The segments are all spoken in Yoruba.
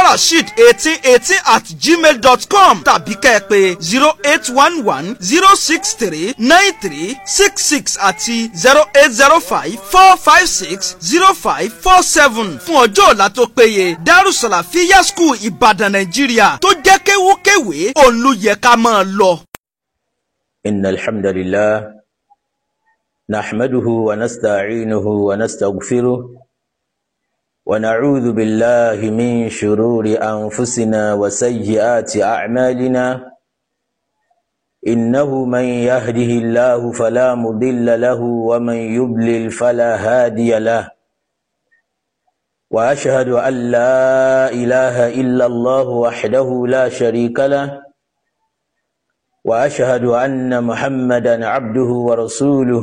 farasheed eighteen eighteen at gmail dot com tàbí kẹ́ẹ̀pè zero eight one one zero six three nine three six six àti zero eight zero five four five six zero five four seven fún ọjọ́ ọ̀la tó péye darussalafiya school ìbàdàn nàìjíríà tó jẹ́ kéwúkéwé òun ló yẹ ká máa lọ. إن الحمد لله نحمده ونستعينه ونستغفره ونعوذ بالله من شرور أنفسنا وسيئات أعمالنا إنه من يهده الله فلا مضل له ومن يبلل فلا هادي له وأشهد أن لا إله إلا الله وحده لا شريك له وأشهد أن محمدا عبده ورسوله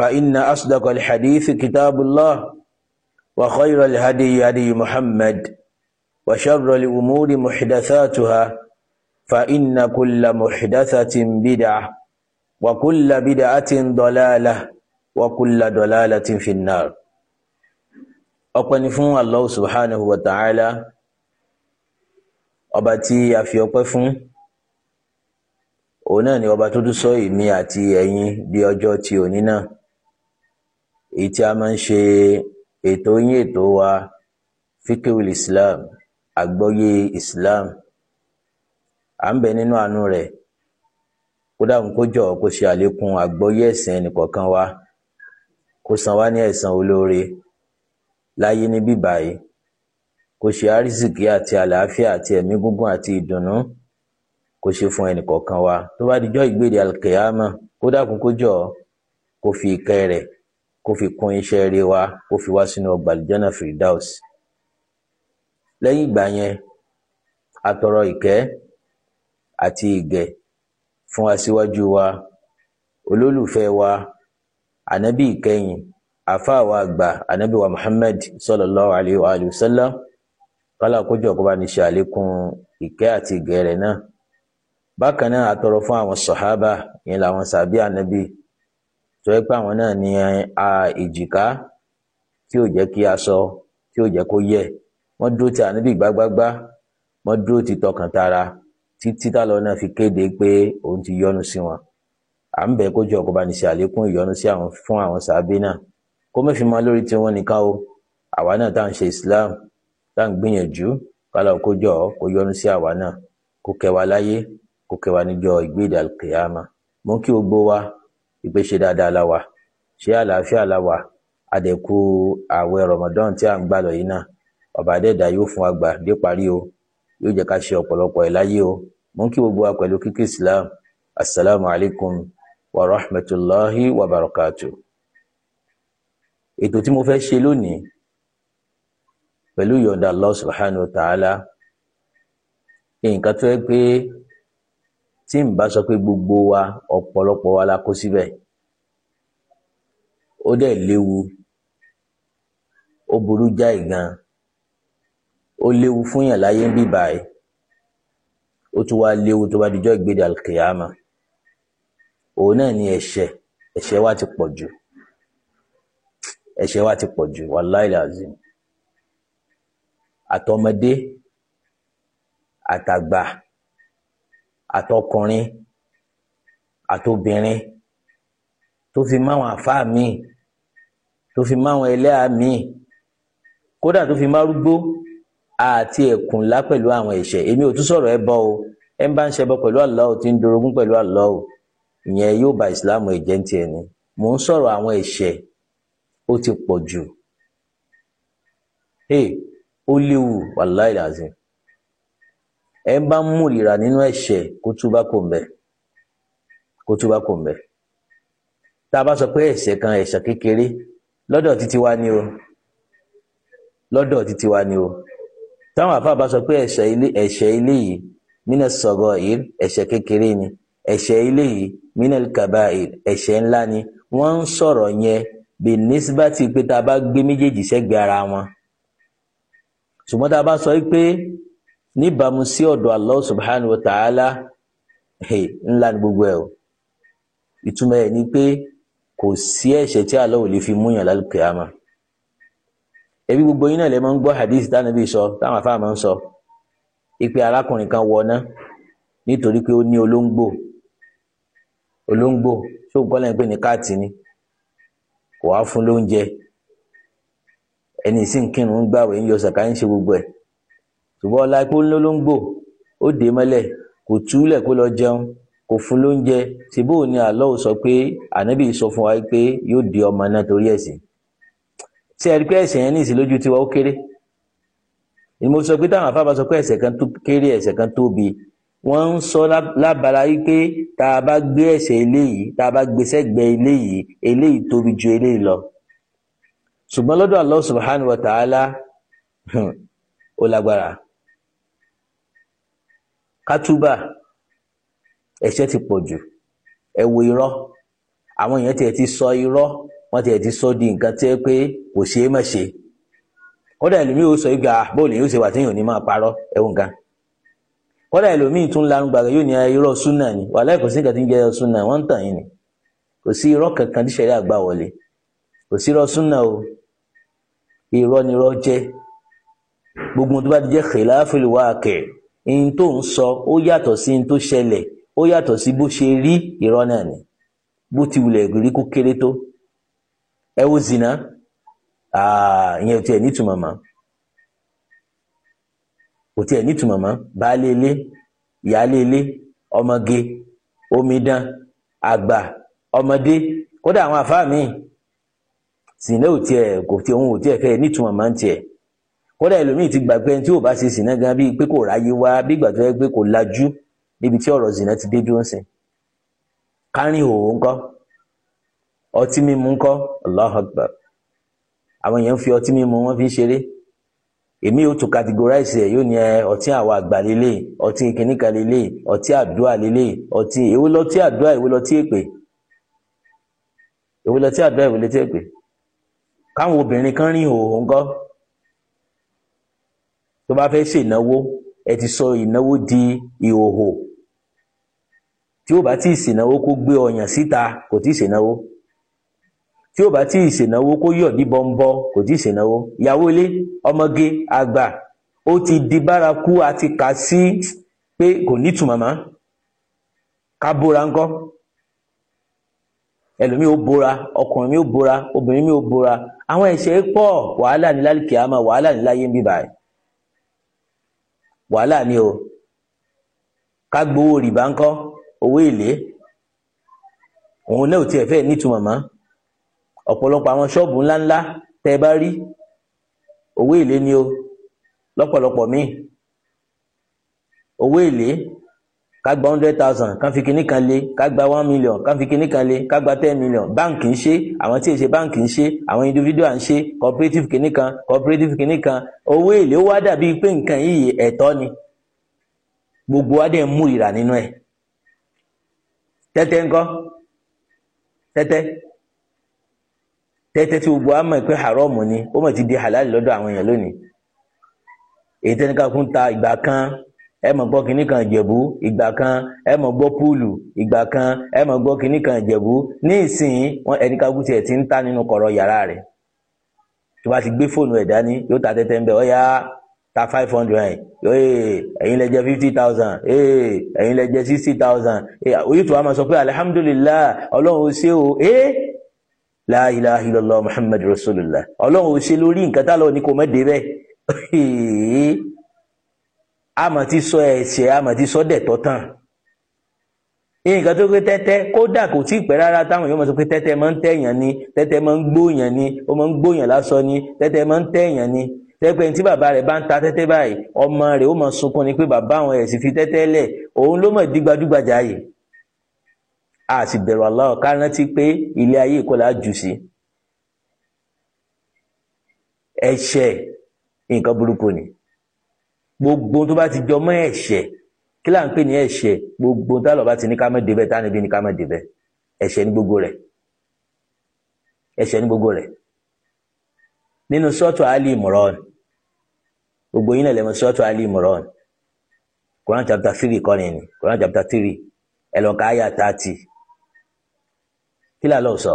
فإن أصدق الحديث كتاب الله وخير الهدي هدي محمد وشر الأمور محدثاتها فإن كل محدثة بدعة وكل بدعة ضلالة وكل ضلالة في النار ọpẹ́ ni fún Allah subhanahu wa ta'ala ọba tí a fi ni ọba tó tún sọ èmi àti ẹ̀yin di ọjọ́ ti òní náà èyí tí a máa ń ṣe ètò yín ètò wa fiqhul islam àgbọ́yé islam à ń bẹ nínú àánú rẹ̀ kó dáhùn kó jọ kó ṣe àlékún àgbọ́yé ẹ̀sìn ẹnìkọ̀ọ̀kan wa kó san wá ní ẹ̀san olóore láyé níbí báyìí kó ṣe àrísìkí àti àlàáfíà àti ẹ̀mí gúngún àti ìdùnnú kó ṣe fún ẹnìkọ̀ọ̀kan wa tó bá dijọ́ ìgbéde alkiyama kó dákun kó jọ kó fi ìkẹ́ rẹ̀ kó fi kún iṣẹ́ rere wa kó fi wá sínú ọgbà àlùjànnà firdaus lẹ́yìn ìgbà yẹn atọrọ ìkẹ́ àti ìgẹ̀ fún aṣíwájú wa olólùfẹ́ wa ànábì ìkẹyìn àfáà wa àgbà ànábì wa muhammad sallallahu alayhi wa alihi wa sallam kálá kójọ kó bá ní ṣe àlékún ìkẹ́ àti ìgẹ̀ rẹ̀ náà bákan náà atọrọ fún àwọn sàhábà yẹn làwọn sàbí ànábì tó yẹ pé àwọn náà ní èjìká tí ò jẹ́ kí aṣọ tí ò jẹ́ kó yẹ̀ wọ́n dúró ti ànábì gbágbágbá wọ́n dúró ti tọkàn tara títí tálọ́ náà fi kéde pé òun ti yọ́nú sí wọn à ń bẹ̀ kó jọ bá ní ṣe àlékún ìyọ́nú sí àwọn fún àwọn sàábé náà kó má fi mọ lórí tiwọn nìkan o àwa náà tá à ń ṣe Islam tá à ń gbìyànjú kálọ̀ kó jọ kó yọ́nú sí àwa náà kó kẹwàá láyé kó kẹwàá níjọ́ ìgbéde alkiyama mú kí gbogbo wa ìpè ṣe dáadáa la wà ṣé àlàáfíà la wà àdẹ̀kù ààwẹ̀ Ramadan tí à ń gbà lọ yìí náà ọba adẹ́dà yóò fún wa gbà dé parí o yóò jẹ́ ká ṣe ọ̀pọ̀lọpọ̀ ẹ̀ láyé o mò kí gbogbo wa pẹ̀lú kíkí Islam assalamu alaikum wa rahmatulahi wa barakatu. ètò tí mo fẹ́ ṣe lónìí pẹ̀lú ìyọ̀ǹda Allah subhanahu wa ta'ala nǹkan tó yẹ pé tí n bá sọ pé gbogbo wa ọ̀pọ̀lọpọ̀ wa la kó síbẹ̀ ó dẹ̀ léwu ó burú jáì gan ó léwu fún yàn láyé ń bíbà ẹ̀ ó tún wá léwu tó bá dijọ́ ìgbéde alkiyama òun náà ni ẹ̀ṣẹ̀ ẹ̀ṣẹ̀ wa ti pọ̀ jù ẹ̀ṣẹ̀ wa ti pọ̀ jù wàláì làzìm àtọmọdé àtàgbà àtọkùnrin àtobìnrin tó fi máwọn àfáà míì tó fi máwọn ẹlẹ́à míì kódà tó fi márúgbó àti ẹ̀kúnlá pẹ̀lú àwọn ẹ̀ṣẹ̀ èmi ò tún sọ̀rọ̀ ẹ bọ́ o ẹ ń bá ń ṣẹbọ pẹ̀lú Allah ò ń dorogún pẹ̀lú Allah ò ìyẹn yóò ba ìsìláàmù ẹ̀jẹ̀ ń tiẹ̀ ni mò ń sọ̀rọ̀ àwọn ẹ̀ṣẹ̀ ó ti pọ̀ jù ó léwu wàláì ẹ ń bá ń múlìra nínú ẹ̀ṣẹ̀ kó túbá kò ń bẹ̀ kó túbá kò ń bẹ̀ tá a bá sọ pé ẹ̀ṣẹ̀ kan ẹ̀ṣẹ̀ kékeré lọ́dọ̀ títí wá ní o lọ́dọ̀ títí wá ní o táwọn àfa bá sọ pé ẹ̀ṣẹ̀ ilé ẹ̀ṣẹ̀ ilé yìí mínà sọ̀rọ̀ yìí ẹ̀ṣẹ̀ kékeré ni ẹ̀ṣẹ̀ ilé yìí mínà kàbá ẹ̀ṣẹ̀ ńlá ni wọ́n ń sọ̀rọ̀ yẹn bí nísìbàtì pé tá a bá gbé méjèèjì sẹ́gbẹ̀ẹ́ ara wọn ṣùgbọ́n tá a bá sọ pé níbàámu sí ọ̀dọ̀ Allah subhanahu wa ta'ala ńlá ní gbogbo ẹ̀ o ìtumọ̀ ẹ̀ ni pé kò sí ẹ̀ṣẹ̀ tí Allah ò lè fi múyàn lálùkìyàmà ẹbí gbogbo yín náà lè máa ń gbọ́ hadith tánàbí sọ táwọn Afáàmà ń sọ ìpè arákùnrin kan wọná nítorí pé ó ní olóńgbò olóńgbò ní ni kò wá fún ṣùgbọ́n ọlá ikú ńlọ́lọ́ngbò ó dé mọ́lẹ̀ kò túlẹ̀ kó lọ jẹun kò fún lóúnjẹ ṣe bóun ni Allah sọ pé ànábì sọ fún wa pé yóò di ọmọ náà torí ẹ̀sìn ṣé ẹ rí pé ẹ̀sìn yẹn ní ìsìn lójú tiwa ó kéré ni mo sọ pé táwọn afábá sọ pé ẹ̀ṣẹ̀ kan tó kéré ẹ̀ṣẹ̀ kan tóbi wọ́n ń sọ lábala yìí pé tá a bá gbé ẹ̀ṣẹ̀ eléyìí tá a bá gbé sẹ́gbẹ̀ eléyìí eléyìí tóbi ju eléyìí lọ ṣùgbọ́n lọ́dọ̀ Allah subhanahu wa ta'ala ó lágbára. Katuba, ẹ̀ṣẹ̀ ti pọ̀ jù ẹ wo irọ́ àwọn èèyàn tiẹ̀ ti sọ irọ́ wọ́n tiẹ̀ ti sọ di nǹkan tí ẹ pé kò ṣeé má ṣe kódà ẹlòmíì ó sọ ìgbà ah, bóòlù yóò ṣe wà téèyàn ní máa parọ́ ẹ̀wọ̀n nǹkan kódà ẹlòmíì tún lanu gbàgbé yóò ní ah, irọ́ súnà ni wàhálà kò sí nǹkan tí ń jẹ́ súnà wọ́n ń tàn yín ni kò sí irọ́ kankan tí sẹ́rí àgbà wọlé kò sí irọ́ súnà o irọ́ ni irọ́ jẹ́ gbogbo tó bá ti jẹ́ khilafil waqi' n tó ń sọ ó yàtọ̀ sí n tó ṣẹlẹ̀ ó yàtọ̀ sí bó ṣe rí irọ́ náà ni bó ti wulẹ̀ rí kó kéré tó ẹ wo zina ìyẹn ò tiẹ̀ nítumọ̀ mọ́ ò tiẹ̀ nítumọ̀ mọ́ baálé ilé ìyáálé ilé ọmọge omidan àgbà ọmọdé kódà àwọn àfáà míì zina ò tiẹ̀ kò tiẹ̀ òun ò tiẹ̀ fẹ́ nítumọ̀ mọ́ ń tiẹ̀ kódà ẹlòmíì ti gbà pé ẹni tí ò bá ṣe sìnà gan bíi pé kò ráyé wá bí ìgbà tó yẹ pé kò lajú níbi tí ọ̀rọ̀ zìnà ti dé dúró sí kárìn òun kọ́ ọtí mímu ńkọ́ Allahu Akbar àwọn èèyàn fi ọtí mímu wọn fi ṣeré èmi yóò tún categorize ẹ yóò ní ẹ ọtí àwọn àgbà lélẹ ọtí kìnníkà lélẹ ọtí àdúrà lélẹ ọtí èwo lọtí àdúrà èwo lọtí èpè èwo lọtí àdúrà èwo lọtí èpè káwọn obìnrin kan rìn òun kọ́ tó bá fẹ́ ṣènáwó ẹ ti sọ ìnáwó di ìhòhò tí ó bá tí ì ṣènáwó kó gbé ọyàn síta kò tí ì ṣènáwó tí ó bá tí ì ṣènáwó kó yọ̀ ní bọ́ńbọ́ kò tí ì ṣènáwó ìyàwó ilé ọmọge àgbà ó ti di bárakú àti kà sí pé kò ní ìtumọ̀ mọ́ ká bóra ńkọ́ ẹlòmíì ó bóra ọkùnrin mi ó bóra obìnrin mi ó bóra àwọn ẹ̀ṣẹ̀ pọ̀ wàhálà ní lálùkìyàmà wàhálà ní láyé ń bíbáyìí wàhálà ni o ká gbowó rìbá ńkọ́ owó èlé òun náà ò tiẹ̀ fẹ́ nítumọ̀ mọ́ ọ̀pọ̀lọpọ̀ àwọn ṣọ́ọ̀bù ńláńlá tẹ́ ẹ bá rí owó èlé ni o lọ́pọ̀lọpọ̀ míì owó èlé ká gba hundred thousand ká fi kinní kan lé ká gba one million ká fi kinní kan lé ká gba ten million báǹkì ń ṣe àwọn tí èsè báǹkì ń ṣe àwọn individual ń ṣe cooperative kinní kan cooperative kinní kan owó èlé ó wá dàbí pé nǹkan yìí ẹ̀tọ́ ni gbogbo wa dẹ̀ ń mú ìrà nínú ẹ̀ tẹ́tẹ́ ńkọ́ tẹ́tẹ́ tẹ́tẹ́ tí gbogbo wa mọ̀ pé haram ni ó mọ̀ ti di halal lọ́dọ̀ àwọn èèyàn lónìí èyí tẹ́ni ká fún ta ìgbà kan ẹ mọ̀ gbọ́ kinní kan ìjẹ̀bú ìgbà kan ẹ mọ̀ gbọ́ púùlù ìgbà kan ẹ mọ̀ gbọ́ kinní kan ìjẹ̀bú ní ìsìn wọn ẹni kagun tiẹ̀ ti ń ta nínú kọ̀rọ̀ yàrá rẹ̀ tó bá ti gbé fóònù ẹ̀ dání yóò ta tẹ́tẹ́ ń bẹ̀ ọ́ yá ta five hundred ẹ̀ ẹ̀yin lẹ jẹ́ fifty thousand ẹ̀yin lẹ jẹ́ sixty thousand oyún tó wá máa sọ pé alihamudulilayi ọlọ́run ó ṣe o la ilaha illallah muhammadu rasulillah ọlọ́run ó ṣe lórí nǹkan tá lọ́ọ́ ní kò mọ́ dé bẹ́ẹ̀ àmọ́ ti sọ ẹ̀ṣẹ̀ àmọ́ ti sọ dẹ̀tọ́ tán nǹkan tó pé tẹ́tẹ́ kódà kò tí ì pẹ́ rárá táwọn èèyàn máa sọ pé tẹ́tẹ́ máa ń tẹ̀yàn ni tẹ́tẹ́ máa ń gbóyàn ni ó máa ń gbóyàn lásán ni tẹ́tẹ́ máa ń tẹ̀yàn ni tẹ́pẹ́ tí bàbá rẹ̀ bá ń ta tẹ́tẹ́ báyìí ọmọ rẹ̀ ó máa sunkún ni pé bàbá àwọn ẹ̀ fi tẹ́tẹ́ lẹ̀ òun ló mọ̀ di gbajúgbajà yìí a sì bẹ̀rù Allah ká rántí pé ilé ayé kọ́ la jù sí ẹ̀ṣẹ̀ nǹkan burúkú ni gbogbo tó bá ti jọmọ́ ẹ̀ṣẹ̀ kí là ń pè ní ẹ̀ṣẹ̀ gbogbo tálọ̀ bá ti ní ká má débẹ̀ tá níbi ní ká má débẹ̀ ẹ̀ṣẹ̀ ní gbogbo rẹ̀ ẹ̀ṣẹ̀ ní gbogbo rẹ̀ nínú sọ́ọ̀tù Ali Imran gbogbo yín lẹ́lẹ́mọ̀ sọ́ọ̀tù Ali Imran Quran chapter three kọ́ni ni Quran chapter three ẹ̀lọ́ka ayà thirty kí là lọ́ọ̀ sọ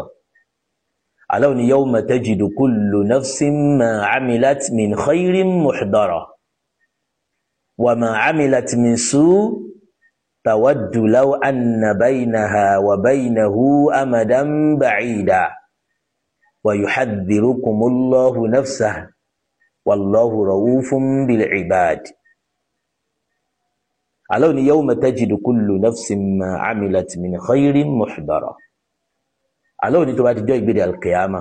Allah ni yawma tajidu kullu nafsin ma amilat min khayrin muhdara wàmà amílàtì mìsú tàwádùláwò ànàbáyìnàhà wàbáyìnàhù àmàdánbàáyìdà wàyùhàdìrúkùmùlọ́hù nàfsà wàlọ́hù rọ̀wúfún bìlì ìbàdì. aláwo ni yawma tajidu kullu nafsin ma amilat min khairin muhdara aláwo ni tó bá ti jọ ìgbéde alkiyama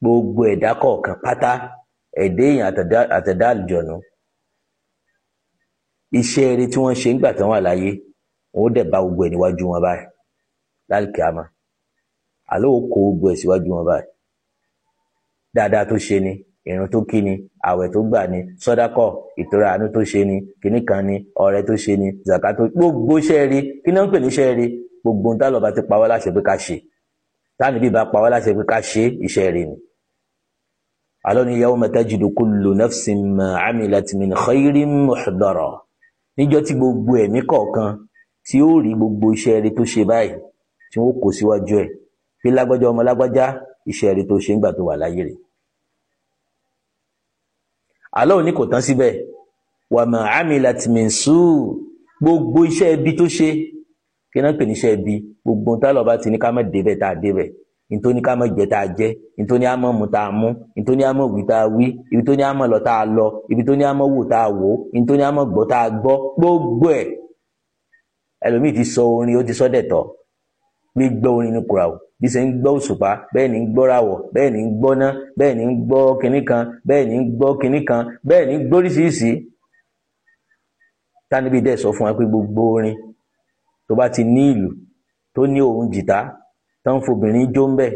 gbogbo ẹ̀dá kọ̀ọ̀kan pátá ẹ̀dá àtẹ̀dá àlùjọ̀nù iṣẹ́ eré tí wọ́n ṣe ńgbà tán wà láyé wọ́n dẹ̀ bá gbogbo ẹ̀ níwájú wọn báyìí láìkè àmọ́ àlọ́ ò kó gbogbo ẹ̀ síwájú wọn báyìí dáadáa tó ṣe ni ìrun tó kí ni àwẹ̀ tó gbà ni sọ́dákọ̀ ìtura àánú tó ṣe ni kìnnì kan ni ọrẹ tó ṣe ni zaka tó gbogbo iṣẹ́ rí kí náà ń pè ní iṣẹ́ rí gbogbo ohun tálọ́ba ti pa wá láṣẹ pé ká ṣe táàní bíbá pa wá láṣẹ pé ká ṣe iṣẹ́ rí ni. alọ́ ni yawma tajidu kullu nafsin ma amilat min khayrin muhdara níjọ́ tí gbogbo ẹ̀mí kọ̀ọ̀kan tí ó rí gbogbo iṣẹ́ rere tó ṣe báyìí tí wọ́n kó síwájú ẹ̀ pé lágbájá ọmọ lágbájá iṣẹ́ rere tó ṣe ńgbà tó wà láyé rẹ̀. àlọ́ òní kò tán síbẹ̀ wà mà amilat min gbogbo iṣẹ́ ibi tó ṣe kí náà pè ní ibi gbogbo ohun tá ti ní ká má débẹ̀ tá a débẹ̀ nítorí ká mọ̀ jẹ́ tá a jẹ́ nítorí á mọ̀ mú tá a mú nítorí á mọ̀ wí tá a wí ibi tó ní á mọ̀ lọ tá a lọ ibi tó ní á mọ̀ wò tá a wò nítorí á mọ̀ gbọ́ tá a gbọ́ gbogbo ẹ̀ ẹlòmíì ti sọ orin ó ti sọ dẹ̀tọ̀ bí gbọ́ orin ní kura o bí ṣe ń gbọ́ òṣùpá bẹ́ẹ̀ ni ń gbọ́ràwọ̀ bẹ́ẹ̀ ni ń gbọ́ná bẹ́ẹ̀ ni ń gbọ́ kinní kan bẹ́ẹ̀ ni ń gbọ́ kinní kan bẹ́ẹ̀ ni ń gbóríṣiríṣi tánibí dẹ̀ sọ fún wa pé gbogbo orin tó bá ti ní ìlù tó ní òun jìtá tó ń fobìnrin jó ń bẹ̀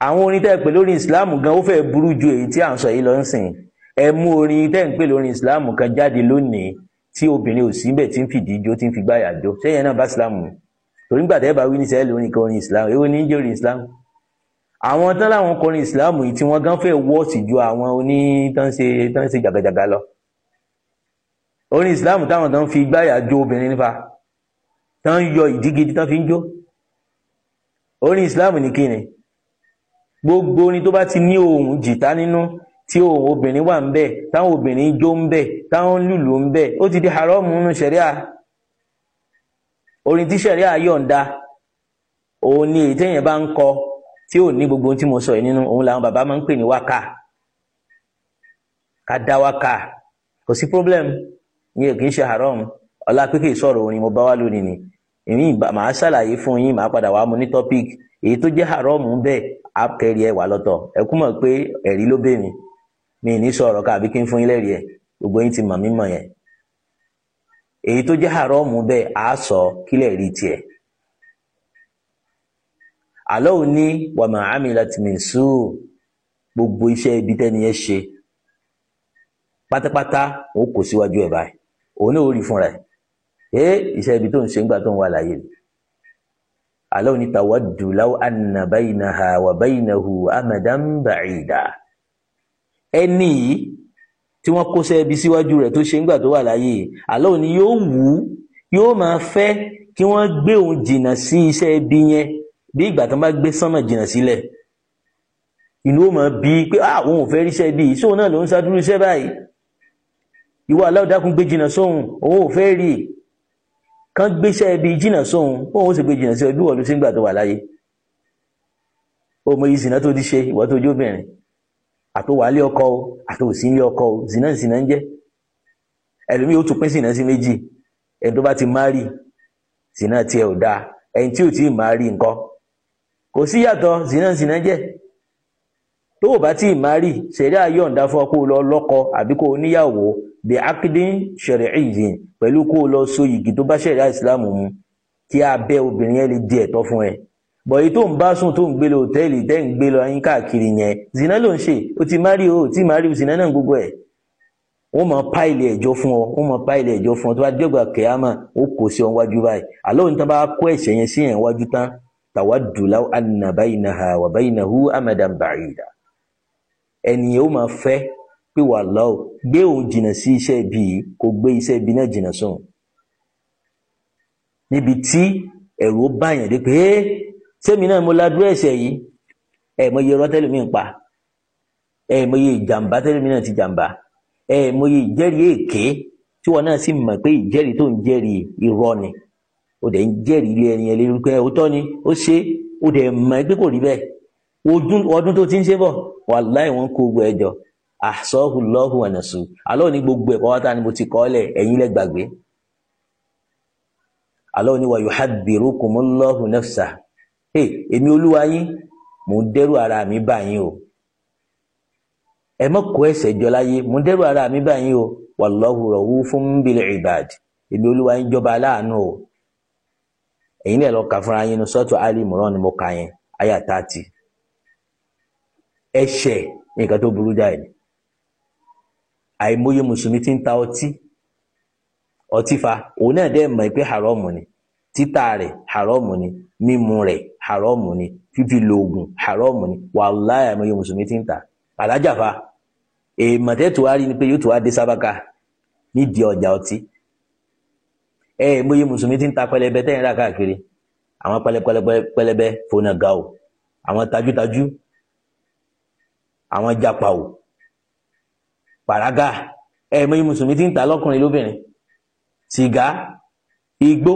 àwọn orin tẹ́ ẹ pè lórí islam gan ó fẹ́ẹ́ burú ju èyí tí à ń sọ yìí lọ ń sìn ẹ mú orin tẹ́ ẹ ń pè lórí islam kan jáde lónìí tí obìnrin ò sí bẹ̀ tí ń fìdí jó tí ń fi gbáyà jó sẹ́yìn náà bá islam mu torí nígbà tẹ́ ẹ bá wí ní sẹ́yìn lórí orin islam èwo ní jẹ́ orin islam àwọn tán láwọn kọrin islam yìí tí wọ́n gan fẹ́ẹ́ wọ́ọ̀sì ju àwọn oní tán ṣe tán ṣe jàgàjàgà lọ orin islam táwọn tán fi gbáyà jó obìnrin nípa tán yọ ìdí gidi tán fi ń jó orin islam ní kíni gbogbo orin tó bá ti ní ohun jìtá nínú tí ohun obìnrin wà ń bẹ táwọn obìnrin jó ń bẹ táwọn lùlù ń bẹ ó ti di haram nínú sẹríà orin tí sẹríà yọ̀ǹda òun ni èyí téèyàn bá ń kọ tí ò ní gbogbo ohun tí mo sọ yìí nínú òun làwọn bàbá máa ń pè ní wákà ká dá wákà kò sí problem ìyẹn kì í ṣe haram ọlá pé kì í sọ̀rọ̀ orin mo bá wà lónìí ni. ìní màá ṣàlàyé fún yín màá padà wàá mu ní topic èyí tó jẹ́ haramu bẹ́ẹ̀ á kẹ́rì ẹ̀ wà lọ́tọ̀ ẹ kú mọ̀ pé ẹ̀rí ló bẹ̀ mí mi ní sọ̀rọ̀ káàbí kí n fún yín lẹ́rìí ẹ̀ gbogbo yín ti mọ̀ mí mọ̀ yẹn èyí tó jẹ́ haramu bẹ́ẹ̀ á sọ kílẹ̀ rí tiẹ̀ àlọ́ ò ní wàmà amilat min su gbogbo iṣẹ́ ibi tẹ́ni ẹ ṣe pátápátá ó kò síwájú ẹ̀ báyìí òun náà rí fúnra ẹ̀ ee iṣẹ́ ibi tó ń ṣe ńgbà tó ń wà láyé ni alẹ́ òní tawaddu law anna baynaha wa baynahu amadan ba'ida ẹni yìí tí wọ́n kó sẹ́ẹ̀bi síwájú rẹ̀ tó ṣe ńgbà tó wà láyé alẹ́ òní yóò wù ú yóò máa fẹ́ kí wọ́n gbé òun jìnnà sí iṣẹ́ ibi yẹn bí ìgbà tó bá gbé sánmà jìnnà sílẹ̀ inú ó máa bí pé àwọn ah, ò fẹ́ ríṣẹ́ bíi sóun náà ló ń ṣàdúró iṣẹ́ báyìí ìwọ aláwọ̀ dákun gbé jìnnà sóun òun ò fẹ́ rí i kán gbéṣẹ́ ibi jìnnà sóhun bóun ó sì gbé jìnnà sí ọ bí wọ́n ló ṣe ń gbà tó wà láyé ó mọ iye zìnà tó ti ṣe ìwọ tó jóbìnrin àtòwálé ọkọ o àtòsílé ọkọ o zìnà zìnà ń jẹ ẹlòmíì ó tún pín zìnà sí méjì ẹni tó bá ti márì zìnà tiẹ̀ ò dáa ẹni tí ò tí ì márì nǹkan kò sí yàtọ̀ zìnà zìnà jẹ tó o bá tí ì márì ṣẹlẹ ayọ̀ǹda fún ọ kó o lọ lọ́kọ àbí kó o níyàwó bí akíndín ṣẹ̀rẹ̀ ìyìn pẹ̀lú kó o lọ so yìgì tó bá ṣẹ̀rẹ̀ islam mu kí abẹ́ obìnrin yẹn lè di ẹ̀tọ́ fún ẹ bọ̀ èyí tó ń bá sùn tó ń gbé lọ hòtẹ́ẹ̀lì tẹ́ ń gbé lọ ayín káàkiri yẹn zina ló ń ṣe ó ti má rí o tí má rí o zina náà gbogbo ẹ̀ wọ́n mọ páìlì ẹ̀jọ́ fún ọ wọ́n mọ páìlì ẹ̀jọ́ fún ọ tó bá dẹ́gbà kẹ́hámà ó kò sí ọ wájú báyìí pé wà láwò gbé òun jìnnà sí iṣẹ́ ibi yìí kò gbé iṣẹ́ ibi náà jìnnà sóun níbi tí ẹ̀rù ó báyàn dé pé é sẹ́mi náà mo ládùú ẹ̀ṣẹ̀ yìí ẹ̀ mọ iye ọ̀rọ̀ tẹ́lẹ̀mí ń pa ẹ̀ mọ iye ìjàmbá tẹ́lẹ̀mí náà ti jàmbá ẹ̀ mọ iye ìjẹ́rìí èké tí wọn náà sì mọ̀ pé ìjẹ́rìí tó ń jẹ́rìí irọ́ ni ó dẹ̀ ń jẹ́rìí ilé ẹni ẹlẹ́rìí pé òótọ́ ni ó ṣe ó dẹ̀ mọ̀ pé kò rí bẹ́ẹ̀ ọdún tó ti ń ṣe bọ̀ wàláì wọn kó gbogbo ẹjọ́ àṣọ́hù lọ́hù ànàṣù alọ́ ní gbogbo ẹ̀kọ́ wá tá ni mo ti kọ́ lẹ̀ ẹ̀yin lẹ́ gbàgbé alọ́ ní wa yuhadhdhirukumullahu nafsa èmi olúwa yín mò ń dẹ́rù ara mi bá yín o ẹ má kó ẹ̀ṣẹ̀ jọ láyé mò ń dẹ́rù ara mi bá yín o wallahu raufun bil ibad èmi olúwa yín jọba aláàánú o ẹ̀yin lẹ́ lọ kà fúnra yín sọ́tù Ali Imran ni mo kà yẹn àyà 30 ẹ̀ṣẹ̀ nǹkan tó burú jáì ni àìmọye mùsùlùmí ti ń ta ọtí ọtí fa òun náà dẹ́ mọ̀ pé haramu ni títà rẹ̀ haramu ni mímu rẹ̀ haramu ni fífi lo haramu ni wàláyà àìmọye mùsùlùmí ti ń ta alájà fa èèmọ̀ tẹ́ tó wá rí ni pé yóò tó wá dé sábàkà nídìí ọjà ọtí èèmọye mùsùlùmí ti ń ta pẹlẹbẹ tẹ́yìn rà káàkiri àwọn pẹlẹpẹlẹpẹ pẹlẹbẹ fọnà ga àwọn tajútajú àwọn japa o pàrágà ẹ̀ẹ̀mọ́ mùsùlùmí ti ń ta lọ́kùnrin lóbìnrin sìgá igbó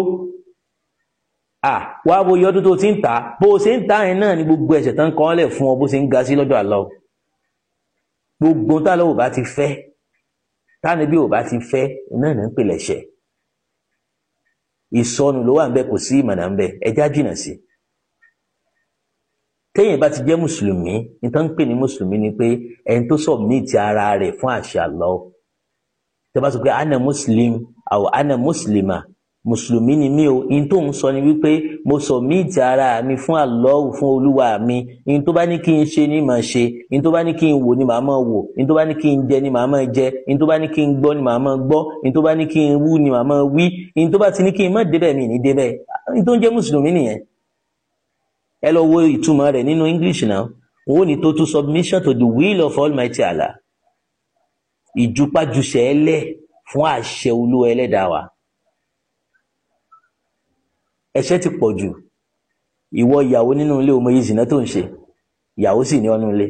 à wá bo iye ọdún tó ti ń ta bó o ṣe ń ta yẹn náà ni gbogbo ẹ̀ṣẹ̀ tán kọ́ lẹ̀ fún ọ bó ṣe ń ga sí lọ́dọ̀ àlọ́ gbogbo táwọn ò bá ti fẹ́ táwọn ibi ò bá ti fẹ́ náà ní pèlẹ̀ṣẹ̀ ìsọnù ló wà ń bẹ kò sí ìmọ̀nà ń bẹ ẹja jìnnà sí i téèyàn bá ti jẹ́ mùsùlùmí nítorí pé ní mùsùlùmí ni pé ẹni tó submit ara rẹ̀ fún àṣẹ Allah tó bá sọ pé ana muslim àwọ̀ ana muslima mùsùlùmí ni mí o in tó ń sọ ni wípé mo submit ara mi fún Allah fún olúwa mi in tó bá ní kí n ṣe ni màá ṣe in tó bá ní kí n wò ni màá máa wò in tó bá ní kí n jẹ ni màá máa jẹ in tó bá ní kí n gbọ́ ni màá máa gbọ́ in tó bá ní kí n wú ni màá máa wí in tó bá ti ní kí n má débẹ̀ mi ní débẹ̀ in tó ń jẹ́ mùsùlùmí nìyẹn ẹ lọ wo ìtumọ̀ rẹ̀ nínú English náà òun ni total submission to the will of Almighty Allah ìjùpájùṣe ẹlẹ fún àṣẹ Olúwa Ẹlẹ́dàá wa ẹ̀ṣẹ̀ ti pọ̀ jù ìwọ ìyàwó nínú ilé ọmọ yìí zìnà tó ń ṣe ìyàwó sì ní ọnù ilé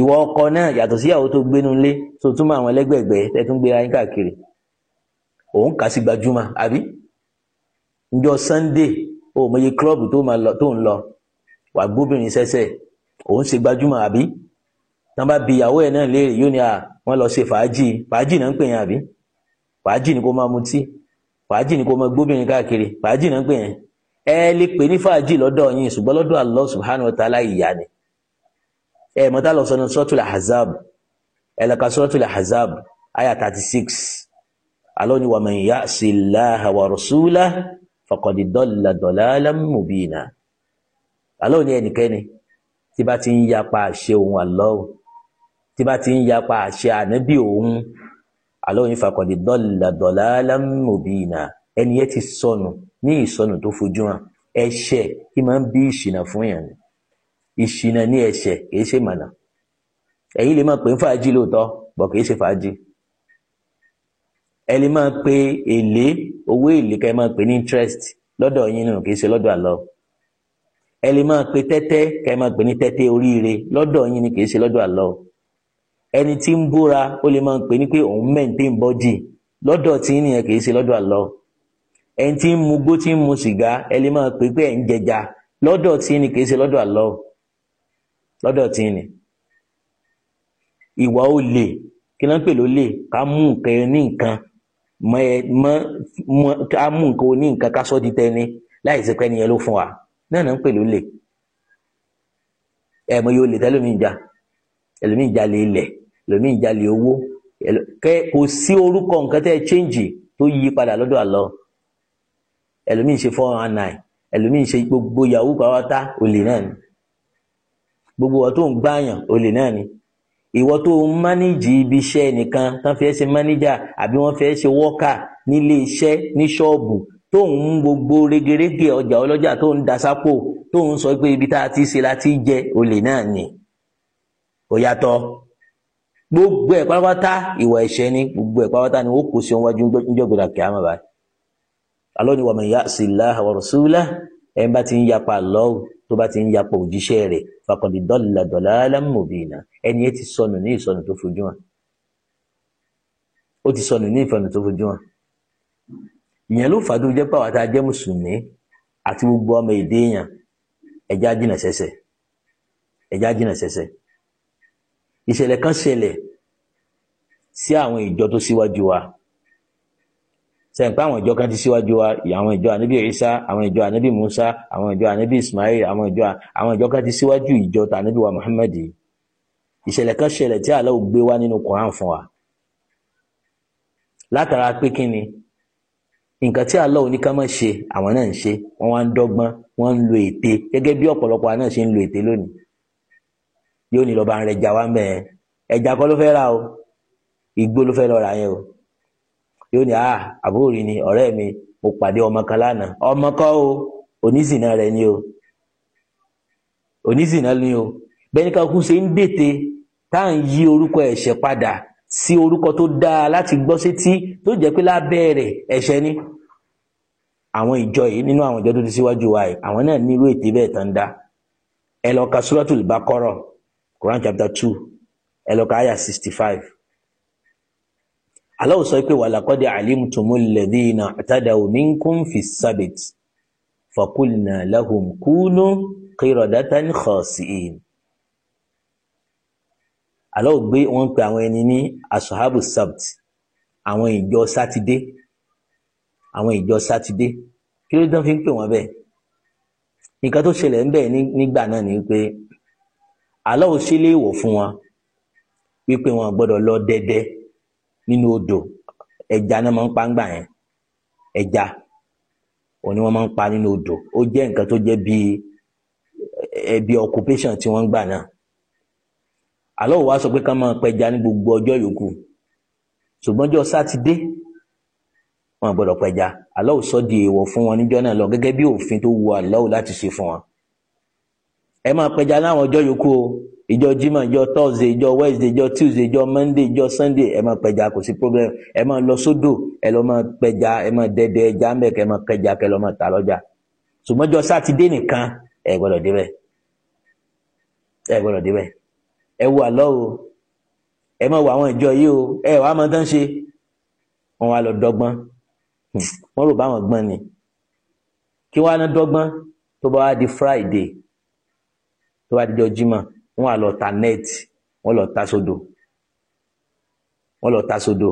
ìwọ ọkọ náà yàtọ̀ sí ìyàwó tó gbénu ilé tó tún mọ àwọn ẹlẹ́gbẹ̀gbẹ́ tẹ tún gbéra yín káàkiri òun kà sí gbajúmọ̀ àbí njọ́ Sunday ọmọ yìí club tó ń lọ wà gbóbìnrin sẹ́sẹ̀ òun ṣe gbajúmọ̀ àbí tán bá bi ìyàwó ẹ̀ náà léèrè yóò ní à wọ́n lọ ṣe fàájì fàájì náà ń pè yẹn àbí fàájì ni kò máa mutí fàájì ni kò máa gbóbìnrin káàkiri fàájì náà ń pè yẹn ẹ lè pè ní fàájì lọ́dọ̀ yín ṣùgbọ́n lọ́dọ̀ Allah subhanahu wa ta'ala ìyá ni ẹ mọ̀tá lọ sọ́nà suratul ahzab ẹ lọ́ka suratul ahzab aya thirty six Allah ni wa man ya'si Allaha wa rasulahu faqad aláwo ni ẹnikẹ́ni tí bá ti ń yapa àṣẹ òun aláwo tí bá ti ń yapa àṣẹ ànábì òun aláwo ní fakọ̀dé dọ́là dọ́là lámòbìnà ẹni yẹn ti sọnù ní ìsọnù tó fojú hàn ẹ̀ṣẹ̀ kí máa ń bí ìṣìnà fún yàn ni ìṣìnà ní ẹ̀ṣẹ̀ kìí ṣe mànà ẹ̀yin lè máa pè ń fàájì lóòótọ́ bọ̀ kìí ṣe fàájì ẹ lè máa pe èlé owó èlé ká ẹ máa pè ní interest lọ́dọ̀ yín nù kìí ṣe lọ́dọ̀ àlọ́ ẹ lè máa pe tẹ́tẹ́ kẹ́ ẹ máa pè ní tẹ́tẹ́ oríire lọ́dọ̀ yín ni kì í ṣe lọ́dọ̀ àlọ́ ẹni tí ń búra ó lè máa pè ní pé òun maintain body lọ́dọ̀ tí ń nìyẹn kì í ṣe lọ́dọ̀ àlọ́ ẹni tí ń mu gbó tí ń mu sìgá ẹ máa pè pé ẹ̀ ń jẹja lọ́dọ̀ tí ń kì í ṣe lọ́dọ̀ àlọ́ lọ́dọ̀ tí ń ni ìwà kí di tẹni láì ló fún wa. náà náà ń pè lólè ẹ mọ yóò lè tẹlómi ìjà ẹlòmí ìjà lè ilẹ̀ ẹlòmí ìjà lè owó kẹ kò sí orúkọ nǹkan tẹ́ ẹ chẹ́ǹjì tó yí padà lọ́dọ̀ àlọ́ ẹlòmí ń ṣe four one nine ẹlòmí ń ṣe gbogbo yahoo pàwọ́tá olè náà ni gbogbo ọ̀ tó ń gbààyàn olè náà ni ìwọ tó ń mánéjì ibi iṣẹ́ nìkan tán fẹ́ ṣe mánéjà àbí wọ́n fẹ́ ṣe wọ́kà nílé iṣẹ́ ní ṣọ́ọ̀bù tó ń mú gbogbo regerege ọjà ọlọ́jà tó ń dasápò tó ń sọ pé ibi tá a ti ṣe la ti jẹ olè náà ni ó yàtọ̀ gbogbo ẹ̀ pátápátá ìwà ẹ̀ṣẹ̀ ni gbogbo ẹ̀ pátápátá ni ó kò sí ohun wájú níjọ̀gbọ̀dà kìámà báyìí ni wàmí ya sí láha wa rasúlá ẹ̀ bá ti ń yapa lọ́wọ́ tó bá ti ń yapa òjíṣẹ́ rẹ̀ fàkọ̀dì dọ́là dọ́là lámùbìnà ẹni ẹ ti sọnù ní ìsọnù tó fojú hàn ó ti sọnù ní ìfọnù tó fojú hàn ìyẹn ló fà á tó jẹ́ pé àwọn tá a jẹ́ mùsùlùmí àti gbogbo ọmọ èdè èèyàn ẹ̀já jìnà sẹ́sẹ̀ ẹ̀já jìnà sẹ́sẹ̀ ìṣẹ̀lẹ̀ kan ṣẹlẹ̀ sí àwọn ìjọ tó síwájú wa sẹ̀ǹpá àwọn ìjọ kan ti síwájú wa àwọn ìjọ ànábì Ìsá àwọn ìjọ ànábì Musa àwọn ìjọ ànábì Ismail àwọn ìjọ àwọn ìjọ kan ti síwájú ìjọ tànábì wa Muhammad ìṣẹ̀lẹ̀ kan ṣẹlẹ̀ tí Allah gbé wá nínú Quran fún wa látara pé kí ni nǹkan tí Allah ní ká má ṣe àwọn náà ń ṣe wọ́n wá ń dọ́gbọ́n wọ́n ń lo ète gẹ́gẹ́ bí ọ̀pọ̀lọpọ̀ àwọn ṣe ń lo ète lónìí yóò ní lọ́ba rẹ̀ jà wá ń bẹ̀ yẹn ẹja kọ́ ló fẹ́ ra o igbó ló fẹ́ lọ ra yẹn o yóò ní ah àbúrò ni ọ̀rẹ́ mi mo pàdé ọmọ kan lánàá ọmọ kọ́ o onísìnà rẹ̀ ni o onísìnà ni o bẹ́ẹ̀ ni ká ṣe ń dètè táà ń yí orúkọ ẹ̀ṣẹ̀ padà sí orúkọ tó dáa láti gbọ́ sétí tó jẹ́ pé lábẹ́ rẹ̀ ẹ̀ṣẹ̀ ni àwọn ìjọ yìí nínú àwọn ìjọ tó ti síwájú wa yìí àwọn náà ní irú ète bẹ́ẹ̀ tán dá ẹ lọ ka suratul Baqara Quran chapter two ẹ lọ ka aya sixty five Allah sọ pé walaqad alimtumul ladhina i'tadaw minkum fi sabit fakulna lahum kunu qiradatan khasi'in. Allah gbé wọn pe àwọn ẹni ní asahabu sabt àwọn ìjọ sátidé àwọn ìjọ sátidé kí ló dán fi ń pè wọn bẹ́ẹ̀ nǹkan tó ṣẹlẹ̀ ńbẹ̀ nígbà náà ni pé Allah ṣe léèwọ̀ fún wọn wípé wọn gbọ́dọ̀ lọ dẹdẹ nínú odò ẹja náà máa ń pa ńgbà yẹn ẹja òun ni wọn máa ń pa nínú odò ó jẹ́ nǹkan tó jẹ́ bíi ẹbí occupation tí wọ́n ń gbà náà àlọ́ òwá sọ pé ká máa pẹja ní gbogbo ọjọ́ yòókù ṣùgbọ́n ọjọ́ sátidé wọn gbọ́dọ̀ pẹja àlọ́ òsọ di èèwọ̀ fún wọn níjọ́ náà lọ gẹ́gẹ́ bí òfin tó wu àlọ́ ò láti ṣe fún wọn. ẹ máa pẹja láwọn ọjọ́ yòókù o ìjọ Jímọ̀ ìjọ Thursday ìjọ Wednesday ìjọ Tuesday ìjọ Monday ìjọ Sunday ẹ máa pẹja kò sí problem ẹ máa lọ sódò ẹ lọ máa pẹja ẹ máa dẹdẹ ẹja mẹkẹ ẹ máa pẹja kẹ lọ máa tà lọ́jà ṣùgbọ́n ọjọ́ sátidé nìkan ẹ gbọ́dọ̀ débẹ̀ ẹ gbọ́dọ̀ débẹ̀ ẹ wo àlọ́ o ẹ mọ̀ wọ àwọn ìjọ yìí o ẹ wàá mọ tán ṣe wọn wá lọ dọ́gbọ́n hmm. wọn rò báwọn gbọ́n ni kí wọn á ná dọ́gbọ́n tó bá wá di Friday tó bá di Jímọ̀ wọn wá lọ ta nẹ́ẹ̀tì wọn lọ ta sódò wọn lọ ta sódò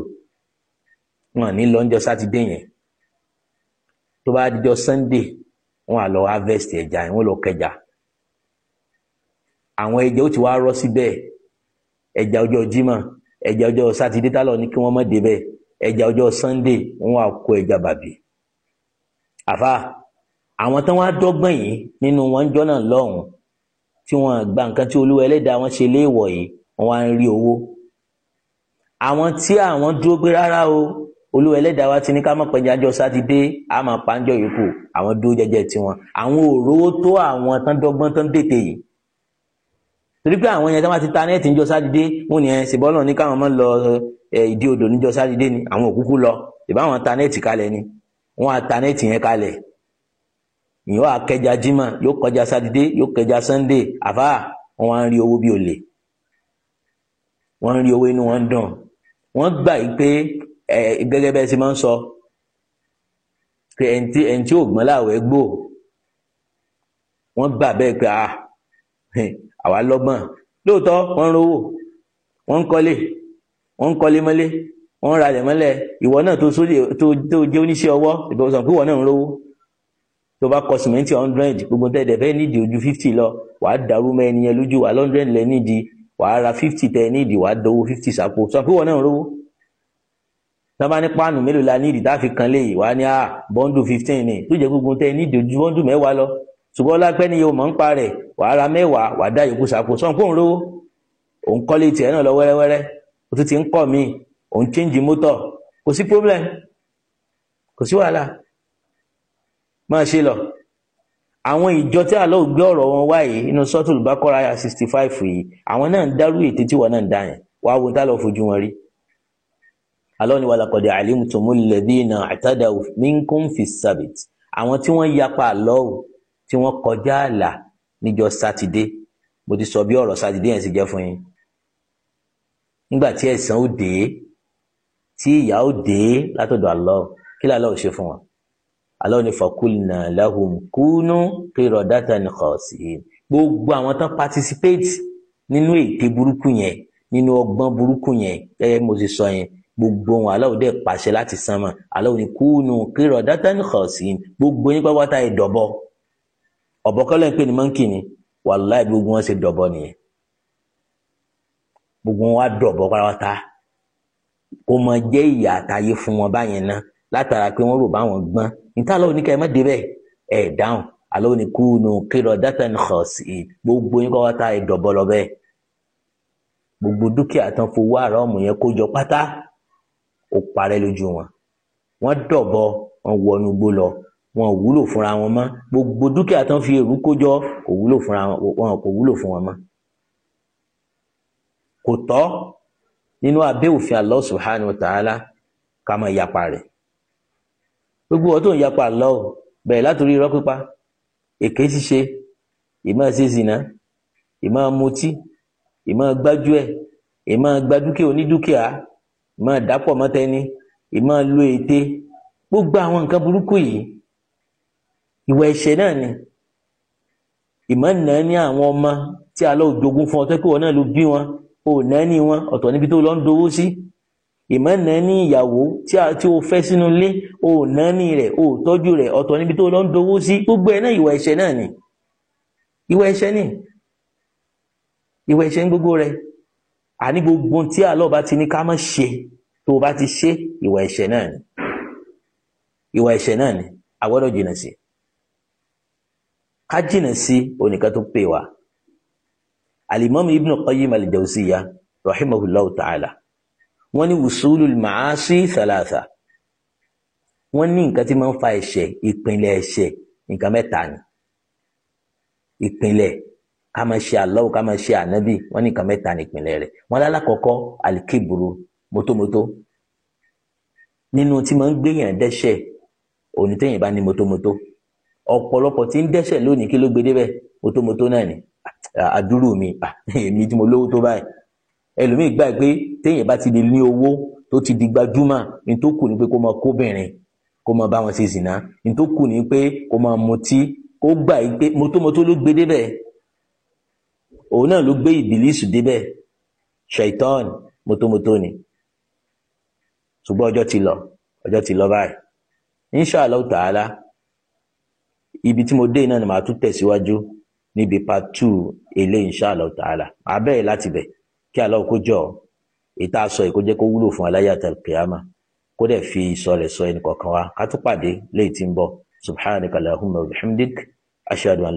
wọn ní lọ́njọ́ sátidé yẹn tó bá dijọ́ Sunday wọn wá lọ harvest ẹja yẹn wọn lọ kẹja àwọn ẹja ó ti wá rọ́ síbẹ̀ ẹja ọjọ́ Jímọ̀ ẹja ọjọ́ sátidé tálọ̀ ní kí wọ́n má débẹ̀ ẹja ọjọ́ sannde wọ́n wá kó ẹja bàbí. àfa àwọn tán wá dọ́gbọ́n yìí nínú wọn jọ́ náà lọ́hùn tí wọ́n gba nǹkan tí olúwa ẹlẹ́dàá wọn ṣe léèwọ̀ yìí wọ́n wá ń rí owó. àwọn tí àwọn dúró gbé rárá o olúwa ẹlẹ́dàá wa ti ní ká má pẹja ọjọ́ sátidé á máa pa á jọ yòókù àwọn dúró jẹ́jẹ́ tiwọn àwọn òróró tó àwọn tán dọ́gbọ́n tán dètè yìí torí pé àwọn yẹn tó máa ti ta nẹ́ẹ̀tì níjọ sátidé wọn ni ẹ ṣèbọ́lọ̀ ní káwọn máa lọ ìdí odò níjọ sátidé ni àwọn òkúkú lọ ìbáwọn ta nẹ́ẹ̀tì kalẹ̀ ni wọn á ta nẹ́ẹ̀tì yẹn kalẹ̀ ìyẹn wà kẹja jimá yóò kọjá sátidé yóò kẹja sannde àfà wọn á ń rí owó bí olè wọn ń rí owó inú wọn dùn wọn gbà yìí pé gẹ́gẹ́ bẹ́ẹ̀ ṣe máa ń sọ pé ẹntì ẹntì ògbọ́n láwẹ̀ gbò wọ́n gbà bẹ́ẹ̀ pé ah àwa lọ́gbọ́n lóòótọ́ wọ́n ń rówó wọ́n ń kọ́lé wọ́n ń kọ́lé mọ́lé wọ́n ń ralẹ̀ mọ́lẹ̀ ìwọ náà tó sóde tó tó jẹ́ oníṣẹ́ ọwọ́ ìgbọ̀nsán pé ìwọ náà ń rówó tó bá kọ sìmẹ́ntì hundred gbogbo tẹ́lẹ̀ fẹ́ nídìí ojú fifty lọ wàá dàrú mọ́ ẹni yẹn lójú wàá hundred lẹ́ nídìí wàá ra fifty tẹ́ nídìí wàá dọwọ́ fifty sàpò sọ pé ìwọ náà ń rówó tọ́ba ní páànù mélòó la nídìí tá a fi kan léyìí wàá ní à ah, bọ́ńdù fifteen ni tó jẹ́ gbogbo tẹ́ nídìí ojú bọ́ńdù mẹ́wàá lọ ṣùgbọ́n lápẹ́ ni yóò mọ̀ ń pa rẹ̀ wàá ra mẹ́wàá wàá dá yòókù sápò sọ̀n kó ń rówó òun kọ́lé tiẹ̀ náà lọ wẹ́rẹ́wẹ́rẹ́ ó tún ti ń kọ́ mi òun chíńjì mọ́tọ̀ kò sí problem kò sí wàhálà máa ṣe lọ àwọn ìjọ tí àlọ́ gbé ọ̀rọ̀ wọn wáyé inú sọ́tùlù bá kọ́ra ya sixty five yìí àwọn náà ń dárú ètè tí wọn náà ń dá yẹn wàá wo tá lọ fojú wọn rí alọ́ ni wàlàkọ̀dẹ̀ àlímùtòmólẹ́bí náà àtàdà minkum fi sàbẹ̀t àwọn tí wọ́n yapa àlọ́ tí wọ́n kọjá àlà níjọ́ sátidé mo ti sọ bí ọ̀rọ̀ sátidé yẹn sì jẹ́ fún yín nígbà tí ẹ̀san ó dé tí ìyà ó dé látọ̀dọ̀ Allah kí lálọ́ ò ṣe fún wọn Allah ní fakulna lahum kunu qiradatan khasi'in gbogbo àwọn tán participate nínú ète burúkú yẹn nínú ọgbọ́n burúkú yẹn gẹ́gẹ́ mo ti sọ yẹn gbogbo wọn Allah dẹ̀ pàṣẹ láti sánmọ̀ Allah ní kunu qiradatan khasi'in gbogbo yín pátá ìdọ̀bọ̀ ọ̀bọ̀kọ́lẹ̀ ń pè ní mọ́ǹkì ni wàláì gbogbo wọn ṣe dọ̀bọ nìyẹn gbogbo wọn wá dọ̀bọ pátápátá kó mọ jẹ́ ìyà àtàyè fún wọn báyẹn náà látara pé wọ́n rò báwọn gbọ́n níta lọ́wọ́ ní ká ẹ má débẹ̀ ẹ̀ dáhùn àlọ́ ní kú nù kírọ̀ dátà ní xọ̀ sí i gbogbo yín kọ́ wá ta ìdọ̀bọ lọ bẹ́ẹ̀ gbogbo dúkìá tán fowó àrà ọmọ yẹn kó jọ pátá ó parẹ́ lójú wọn wọ́n dọ̀bọ wọn wọnú gbó lọ wọn ò wúlò fúnra wọn mọ́ gbogbo dúkìá tán fi èrú kójọ kò wúlò fúnra wọn kò wúlò fún wọn mọ́ kò tọ́ nínú abẹ́ òfin Allah subhanahu wa ta'ala ká máa yapa rẹ̀ gbogbo ọ̀tún yapa Allah bẹ̀rẹ̀ látòrí irọ́ pípa èké ṣíṣe ìmọ̀ ṣe zìnà ìmọ̀ mutí ìmọ̀ gbájú ẹ̀ ìmọ̀ gbadúkìá onídúkìá ìmọ̀ dàpọ̀ mọ́tẹ́ni ìmọ̀ lo ète gbogbo àwọn nǹkan burúkú yìí ìwà ẹ̀ṣẹ̀ náà ni ìmọ̀ náà ní àwọn ọmọ tí a lọ jogún fún ọtọ́ pé wọn náà ló bí wọn ò náà ní wọn ọ̀tọ̀ níbi tó lọ ń dowó sí ìmọ̀ náà ní ìyàwó tí a tí o fẹ́ sínú ilé ò náà rẹ̀ ò tọ́jú rẹ̀ ọ̀tọ̀ níbi tó lọ ń dowó sí gbogbo ẹ̀ náà ìwà ẹ̀ṣẹ̀ náà ni ìwà ẹ̀ṣẹ̀ ni ìwà ẹ̀ṣẹ̀ ní gbogbo rẹ̀ àní gbogbo tí Allah bá ti ní ká má ṣe tó o bá ti ṣe ìwà ẹ̀ṣẹ̀ náà ni ìwà ẹ̀ṣẹ̀ náà ni a gbọ́dọ̀ jìnnà sí i ká jìnà sí oníkan tó pè wá alimami ibn qayyim al-jawziya rahimahullahu ta'ala wọ́n ní wusulul maasi thalatha wọ́n ní nǹkan tí máa ń fa ẹ̀ṣẹ̀ ìpínlẹ̀ ẹ̀ṣẹ̀ nǹkan mẹ́ta ni ìpínlẹ̀ ká máa ṣe Allahu ká máa ṣe ànábì wọ́n ní nǹkan mẹ́ta ni ìpínlẹ̀ rẹ̀ wọ́n lálákọ̀ọ́kọ́ alikéburu mótómótó nínú tí máa ń gbéyàn dẹ́ṣẹ̀ òní téèyàn bá ní mótómótó ọ̀pọ̀lọpọ̀ tí ń dẹ́ṣẹ̀ lónìí kí ló gbé débẹ̀ mọ́tòmọ́tò náà ni àdúrú mi èmi tí mo lówó tó báyìí ẹlòmíì gbà pé téèyàn bá ti di ní owó tó ti di gbajúmọ̀ ní tó kù ní pé kó máa kóbìnrin kó máa bá wọn ṣe zìnà ní tó kù ní pé kó máa mutí kó gbà yí pé mọ́tòmọ́tò ló gbé débẹ̀ òun náà ló gbé ìbílísù débẹ̀ ṣaitan mọ́tòmọ́tò ni ṣùgbọ́n ọjọ́ ti lọ ọjọ́ ti lọ báyìí insha Allah ta'ala ibi tí mo dé náà ni màá tún tẹ̀síwájú níbi part two ilé inshallah ta'ala màá bẹ̀rẹ̀ láti bẹ̀ kí Allah kó jọ ìta sọ èkó jẹ́ kó wúlò fún aláyà tàlùkìyàmà kó dẹ̀ fi sọ rẹ̀ sọ ẹnì kọ̀ọ̀kan wa ká tún pàdé léyìí tí ń bọ̀ subhanaka allahumma wa bihamdik ashhadu an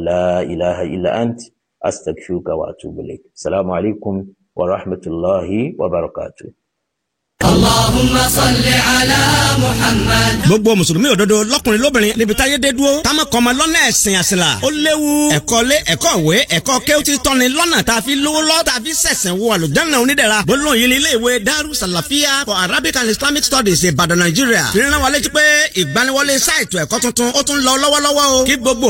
ilaha illa ant astaghfiruka wa atubu ilayk assalamu alaikum wa rahmatullahi wa barakatuh. Allahumma salli ala gbogbo mùsùlùmí òdodo lọkùnrin lóbìnrin níbi táyé dé dúró táwọn kan máa lọ́nà ẹ̀sìn àṣìlá ó léwu ẹ̀kọ́ lé ẹ̀kọ́ ìwé ẹ̀kọ́ kéwùtì tọ́ni lọ́nà tá a fi lówó lọ́ tá a fi sẹ̀sẹ̀ wọ àlùjáná onídẹ̀ra gbólóhùn yìí ní ilé ìwé Daru Salafia for Arabic and Islamic Studies Ìbàdàn Nàìjíríà fi rán wa létí pé ìgbaniwọlé sáìtù ẹ̀kọ́ tuntun ó tún lọ lọ́wọ́lọ́wọ́ o kí gbogbo